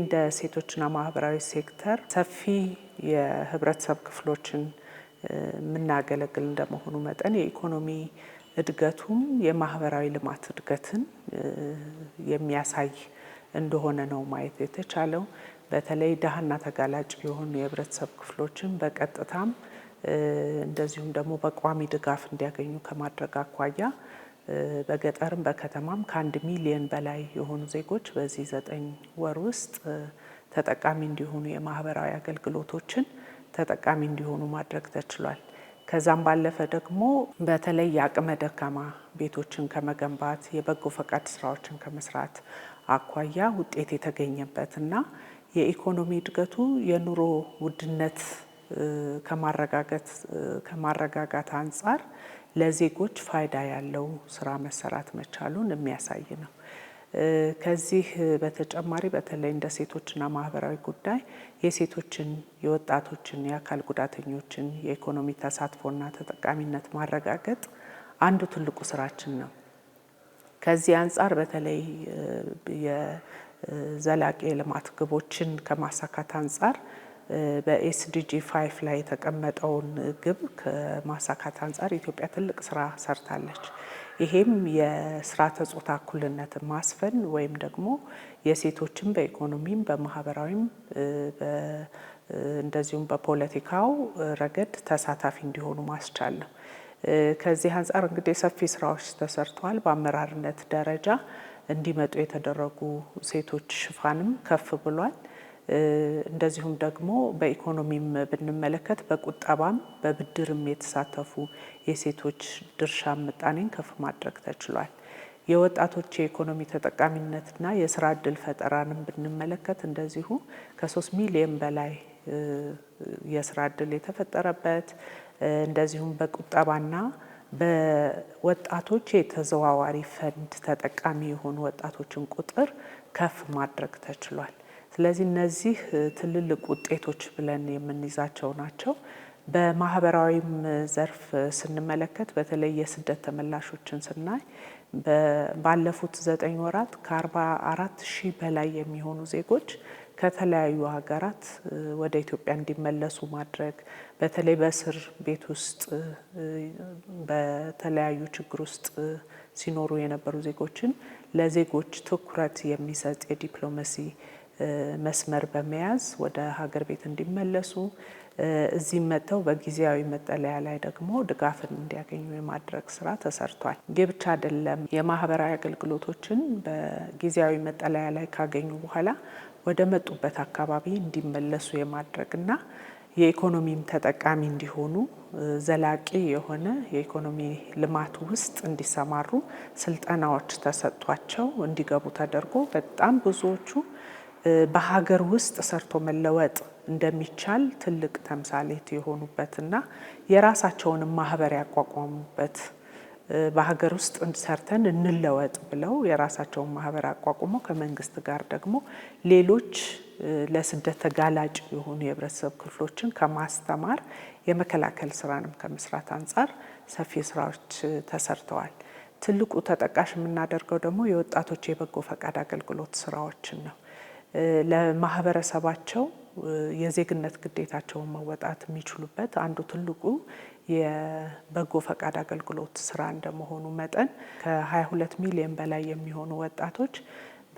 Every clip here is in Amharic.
እንደ ሴቶችና ማህበራዊ ሴክተር ሰፊ የህብረተሰብ ክፍሎችን የምናገለግል እንደመሆኑ መጠን የኢኮኖሚ እድገቱም የማህበራዊ ልማት እድገትን የሚያሳይ እንደሆነ ነው ማየት የተቻለው። በተለይ ድሃና ተጋላጭ የሆኑ የህብረተሰብ ክፍሎችን በቀጥታም እንደዚሁም ደግሞ በቋሚ ድጋፍ እንዲያገኙ ከማድረግ አኳያ በገጠርም በከተማም ከአንድ ሚሊየን በላይ የሆኑ ዜጎች በዚህ ዘጠኝ ወር ውስጥ ተጠቃሚ እንዲሆኑ የማህበራዊ አገልግሎቶችን ተጠቃሚ እንዲሆኑ ማድረግ ተችሏል። ከዛም ባለፈ ደግሞ በተለይ የአቅመ ደካማ ቤቶችን ከመገንባት የበጎ ፈቃድ ስራዎችን ከመስራት አኳያ ውጤት የተገኘበት እና የኢኮኖሚ እድገቱ የኑሮ ውድነት ከማረጋጋት አንጻር ለዜጎች ፋይዳ ያለው ስራ መሰራት መቻሉን የሚያሳይ ነው። ከዚህ በተጨማሪ በተለይ እንደ ሴቶችና ማህበራዊ ጉዳይ የሴቶችን፣ የወጣቶችን፣ የአካል ጉዳተኞችን የኢኮኖሚ ተሳትፎና ተጠቃሚነት ማረጋገጥ አንዱ ትልቁ ስራችን ነው። ከዚህ አንጻር በተለይ የዘላቂ የልማት ግቦችን ከማሳካት አንጻር በኤስዲጂ ፋይፍ ላይ የተቀመጠውን ግብ ከማሳካት አንጻር ኢትዮጵያ ትልቅ ስራ ሰርታለች። ይሄም የስርዓተ ጾታ እኩልነትን ማስፈን ወይም ደግሞ የሴቶችን በኢኮኖሚም በማህበራዊም እንደዚሁም በፖለቲካው ረገድ ተሳታፊ እንዲሆኑ ማስቻል ነው። ከዚህ አንጻር እንግዲህ ሰፊ ስራዎች ተሰርተዋል። በአመራርነት ደረጃ እንዲመጡ የተደረጉ ሴቶች ሽፋንም ከፍ ብሏል። እንደዚሁም ደግሞ በኢኮኖሚም ብንመለከት በቁጠባም በብድርም የተሳተፉ የሴቶች ድርሻ ምጣኔን ከፍ ማድረግ ተችሏል። የወጣቶች የኢኮኖሚ ተጠቃሚነትና የስራ እድል ፈጠራንም ብንመለከት እንደዚሁ ከሶስት ሚሊዮን በላይ የስራ እድል የተፈጠረበት እንደዚሁም በቁጠባና በወጣቶች የተዘዋዋሪ ፈንድ ተጠቃሚ የሆኑ ወጣቶችን ቁጥር ከፍ ማድረግ ተችሏል። ስለዚህ እነዚህ ትልልቅ ውጤቶች ብለን የምንይዛቸው ናቸው። በማህበራዊም ዘርፍ ስንመለከት በተለይ የስደት ተመላሾችን ስናይ ባለፉት ዘጠኝ ወራት ከ44 ሺህ በላይ የሚሆኑ ዜጎች ከተለያዩ ሀገራት ወደ ኢትዮጵያ እንዲመለሱ ማድረግ በተለይ በእስር ቤት ውስጥ በተለያዩ ችግር ውስጥ ሲኖሩ የነበሩ ዜጎችን ለዜጎች ትኩረት የሚሰጥ የዲፕሎማሲ መስመር በመያዝ ወደ ሀገር ቤት እንዲመለሱ እዚህም መጥተው በጊዜያዊ መጠለያ ላይ ደግሞ ድጋፍን እንዲያገኙ የማድረግ ስራ ተሰርቷል። ይህ ብቻ አይደለም። የማህበራዊ አገልግሎቶችን በጊዜያዊ መጠለያ ላይ ካገኙ በኋላ ወደ መጡበት አካባቢ እንዲመለሱ የማድረግና የኢኮኖሚም ተጠቃሚ እንዲሆኑ ዘላቂ የሆነ የኢኮኖሚ ልማት ውስጥ እንዲሰማሩ ስልጠናዎች ተሰጥቷቸው እንዲገቡ ተደርጎ በጣም ብዙዎቹ በሀገር ውስጥ ሰርቶ መለወጥ እንደሚቻል ትልቅ ተምሳሌት የሆኑበትና የራሳቸውንም ማህበር ያቋቋሙበት በሀገር ውስጥ ሰርተን እንለወጥ ብለው የራሳቸውን ማህበር አቋቁመው ከመንግስት ጋር ደግሞ ሌሎች ለስደት ተጋላጭ የሆኑ የህብረተሰብ ክፍሎችን ከማስተማር የመከላከል ስራንም ከመስራት አንጻር ሰፊ ስራዎች ተሰርተዋል። ትልቁ ተጠቃሽ የምናደርገው ደግሞ የወጣቶች የበጎ ፈቃድ አገልግሎት ስራዎችን ነው። ለማህበረሰባቸው የዜግነት ግዴታቸውን መወጣት የሚችሉበት አንዱ ትልቁ የበጎ ፈቃድ አገልግሎት ስራ እንደመሆኑ መጠን ከ22 ሚሊዮን በላይ የሚሆኑ ወጣቶች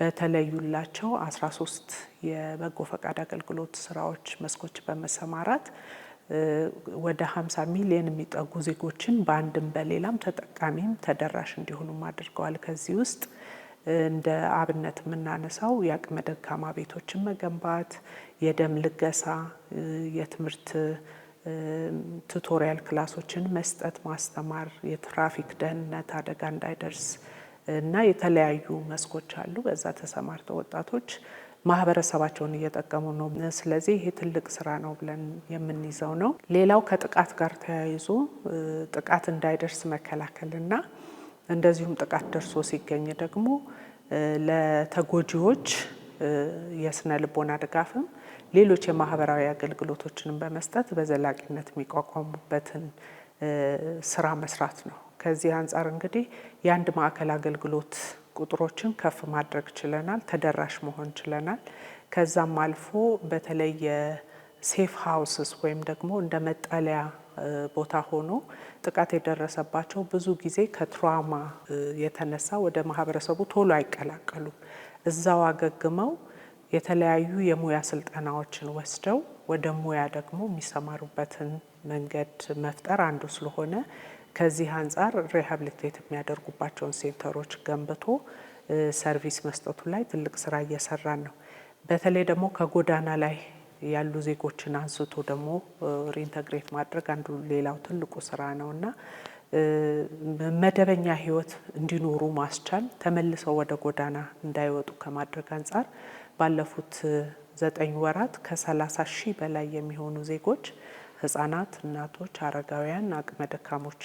በተለዩላቸው 13 የበጎ ፈቃድ አገልግሎት ስራዎች መስኮች በመሰማራት ወደ 50 ሚሊዮን የሚጠጉ ዜጎችን በአንድም በሌላም ተጠቃሚም ተደራሽ እንዲሆኑም አድርገዋል። ከዚህ ውስጥ እንደ አብነት የምናነሳው የአቅመ ደካማ ቤቶችን መገንባት፣ የደም ልገሳ፣ የትምህርት ቱቶሪያል ክላሶችን መስጠት፣ ማስተማር፣ የትራፊክ ደህንነት አደጋ እንዳይደርስ እና የተለያዩ መስኮች አሉ። በዛ ተሰማርተው ወጣቶች ማህበረሰባቸውን እየጠቀሙ ነው። ስለዚህ ይሄ ትልቅ ስራ ነው ብለን የምንይዘው ነው። ሌላው ከጥቃት ጋር ተያይዞ ጥቃት እንዳይደርስ መከላከልና እንደዚሁም ጥቃት ደርሶ ሲገኝ ደግሞ ለተጎጂዎች የስነ ልቦና ድጋፍም ሌሎች የማህበራዊ አገልግሎቶችንም በመስጠት በዘላቂነት የሚቋቋሙበትን ስራ መስራት ነው። ከዚህ አንጻር እንግዲህ የአንድ ማዕከል አገልግሎት ቁጥሮችን ከፍ ማድረግ ችለናል፣ ተደራሽ መሆን ችለናል። ከዛም አልፎ በተለይ ሴፍ ሀውስስ ወይም ደግሞ እንደ መጠለያ ቦታ ሆኖ ጥቃት የደረሰባቸው ብዙ ጊዜ ከትራውማ የተነሳ ወደ ማህበረሰቡ ቶሎ አይቀላቀሉም። እዛው አገግመው የተለያዩ የሙያ ስልጠናዎችን ወስደው ወደ ሙያ ደግሞ የሚሰማሩበትን መንገድ መፍጠር አንዱ ስለሆነ ከዚህ አንጻር ሪሃብሊቴት የሚያደርጉባቸውን ሴንተሮች ገንብቶ ሰርቪስ መስጠቱ ላይ ትልቅ ስራ እየሰራን ነው። በተለይ ደግሞ ከጎዳና ላይ ያሉ ዜጎችን አንስቶ ደግሞ ሪኢንተግሬት ማድረግ አንዱ ሌላው ትልቁ ስራ ነው እና መደበኛ ህይወት እንዲኖሩ ማስቻል ተመልሰው ወደ ጎዳና እንዳይወጡ ከማድረግ አንጻር ባለፉት ዘጠኝ ወራት ከሰላሳ ሺህ በላይ የሚሆኑ ዜጎች ህጻናት፣ እናቶች፣ አረጋውያን፣ አቅመ ደካሞች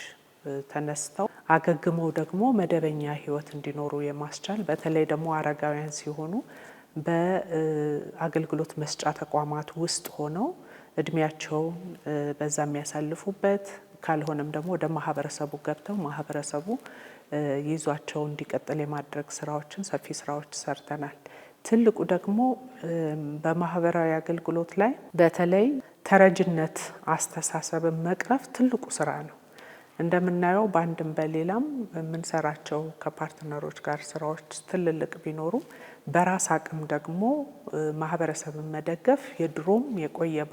ተነስተው አገግመው ደግሞ መደበኛ ህይወት እንዲኖሩ የማስቻል በተለይ ደግሞ አረጋውያን ሲሆኑ በአገልግሎት መስጫ ተቋማት ውስጥ ሆነው እድሜያቸውን በዛ የሚያሳልፉበት ካልሆነም ደግሞ ወደ ማህበረሰቡ ገብተው ማህበረሰቡ ይዟቸው እንዲቀጥል የማድረግ ስራዎችን ሰፊ ስራዎች ሰርተናል። ትልቁ ደግሞ በማህበራዊ አገልግሎት ላይ በተለይ ተረጅነት አስተሳሰብን መቅረፍ ትልቁ ስራ ነው። እንደምናየው በአንድም በሌላም የምንሰራቸው ከፓርትነሮች ጋር ስራዎች ትልልቅ ቢኖሩ በራስ አቅም ደግሞ ማህበረሰብን መደገፍ የድሮም የቆየ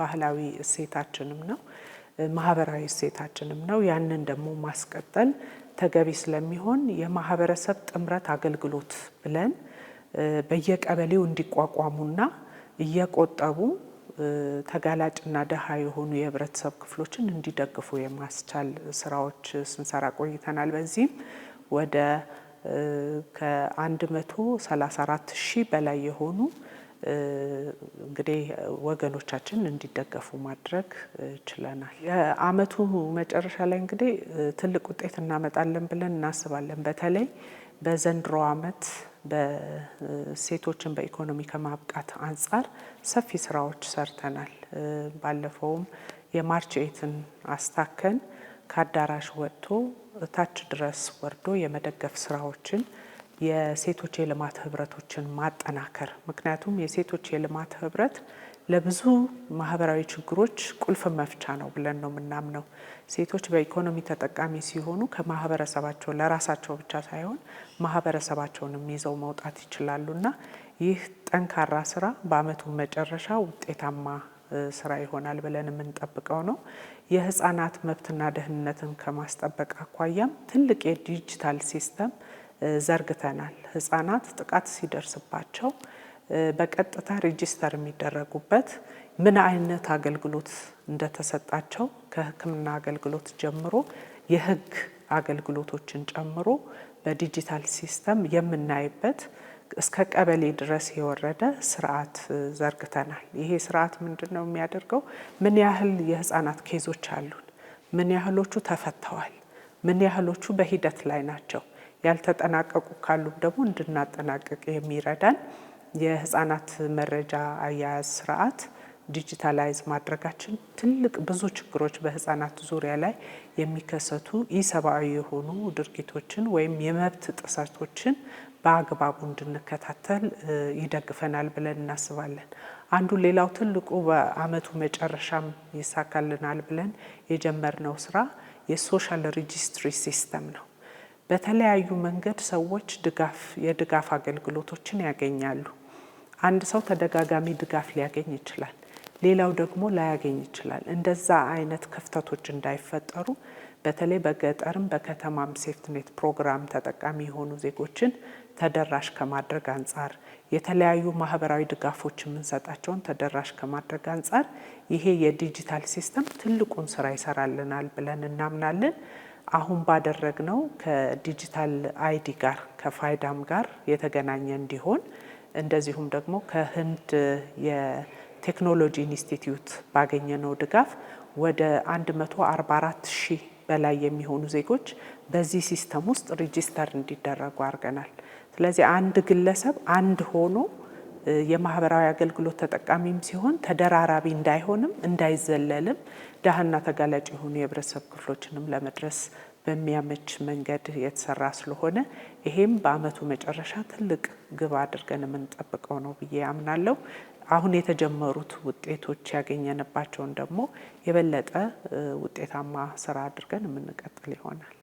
ባህላዊ እሴታችንም ነው፣ ማህበራዊ እሴታችንም ነው። ያንን ደግሞ ማስቀጠል ተገቢ ስለሚሆን የማህበረሰብ ጥምረት አገልግሎት ብለን በየቀበሌው እንዲቋቋሙና እየቆጠቡ ተጋላጭና ደሃ የሆኑ የህብረተሰብ ክፍሎችን እንዲደግፉ የማስቻል ስራዎች ስንሰራ ቆይተናል። በዚህም ወደ ከ134 ሺህ በላይ የሆኑ እንግዲህ ወገኖቻችን እንዲደገፉ ማድረግ ችለናል። የአመቱ መጨረሻ ላይ እንግዲህ ትልቅ ውጤት እናመጣለን ብለን እናስባለን። በተለይ በዘንድሮ አመት በሴቶችን በኢኮኖሚ ከማብቃት አንጻር ሰፊ ስራዎች ሰርተናል። ባለፈውም የማርች ኤትን አስታከን ከአዳራሽ ወጥቶ ታች ድረስ ወርዶ የመደገፍ ስራዎችን የሴቶች የልማት ህብረቶችን ማጠናከር ምክንያቱም የሴቶች የልማት ህብረት ለብዙ ማህበራዊ ችግሮች ቁልፍ መፍቻ ነው ብለን ነው የምናምነው። ሴቶች በኢኮኖሚ ተጠቃሚ ሲሆኑ ከማህበረሰባቸው ለራሳቸው ብቻ ሳይሆን ማህበረሰባቸውንም ይዘው መውጣት ይችላሉና ይህ ጠንካራ ስራ በአመቱ መጨረሻ ውጤታማ ስራ ይሆናል ብለን የምንጠብቀው ነው። የህፃናት መብትና ደህንነትን ከማስጠበቅ አኳያም ትልቅ የዲጂታል ሲስተም ዘርግተናል። ህፃናት ጥቃት ሲደርስባቸው በቀጥታ ሬጂስተር የሚደረጉበት ምን አይነት አገልግሎት እንደተሰጣቸው ከሕክምና አገልግሎት ጀምሮ የህግ አገልግሎቶችን ጨምሮ በዲጂታል ሲስተም የምናይበት እስከ ቀበሌ ድረስ የወረደ ስርዓት ዘርግተናል። ይሄ ስርዓት ምንድን ነው የሚያደርገው? ምን ያህል የህፃናት ኬዞች አሉን? ምን ያህሎቹ ተፈተዋል? ምን ያህሎቹ በሂደት ላይ ናቸው? ያልተጠናቀቁ ካሉም ደግሞ እንድናጠናቅቅ የሚረዳን የህፃናት መረጃ አያያዝ ስርዓት ዲጂታላይዝ ማድረጋችን ትልቅ ብዙ ችግሮች በህፃናት ዙሪያ ላይ የሚከሰቱ ኢሰብአዊ የሆኑ ድርጊቶችን ወይም የመብት ጥሰቶችን በአግባቡ እንድንከታተል ይደግፈናል ብለን እናስባለን። አንዱ ሌላው ትልቁ በአመቱ መጨረሻም ይሳካልናል ብለን የጀመርነው ስራ የሶሻል ሬጂስትሪ ሲስተም ነው። በተለያዩ መንገድ ሰዎች ድጋፍ የድጋፍ አገልግሎቶችን ያገኛሉ። አንድ ሰው ተደጋጋሚ ድጋፍ ሊያገኝ ይችላል፣ ሌላው ደግሞ ላያገኝ ይችላል። እንደዛ አይነት ክፍተቶች እንዳይፈጠሩ በተለይ በገጠርም በከተማም ሴፍትኔት ፕሮግራም ተጠቃሚ የሆኑ ዜጎችን ተደራሽ ከማድረግ አንጻር የተለያዩ ማህበራዊ ድጋፎች የምንሰጣቸውን ተደራሽ ከማድረግ አንጻር ይሄ የዲጂታል ሲስተም ትልቁን ስራ ይሰራልናል ብለን እናምናለን። አሁን ባደረግነው ከዲጂታል አይዲ ጋር ከፋይዳም ጋር የተገናኘ እንዲሆን እንደዚሁም ደግሞ ከህንድ የቴክኖሎጂ ኢንስቲትዩት ባገኘነው ድጋፍ ወደ 144 ሺህ በላይ የሚሆኑ ዜጎች በዚህ ሲስተም ውስጥ ሪጂስተር እንዲደረጉ አድርገናል። ስለዚህ አንድ ግለሰብ አንድ ሆኖ የማህበራዊ አገልግሎት ተጠቃሚም ሲሆን ተደራራቢ እንዳይሆንም እንዳይዘለልም፣ ደህና ተጋላጭ የሆኑ የህብረተሰብ ክፍሎችንም ለመድረስ በሚያመች መንገድ የተሰራ ስለሆነ ይሄም በአመቱ መጨረሻ ትልቅ ግብ አድርገን የምንጠብቀው ነው ብዬ አምናለሁ። አሁን የተጀመሩት ውጤቶች ያገኘንባቸውን ደግሞ የበለጠ ውጤታማ ስራ አድርገን የምንቀጥል ይሆናል።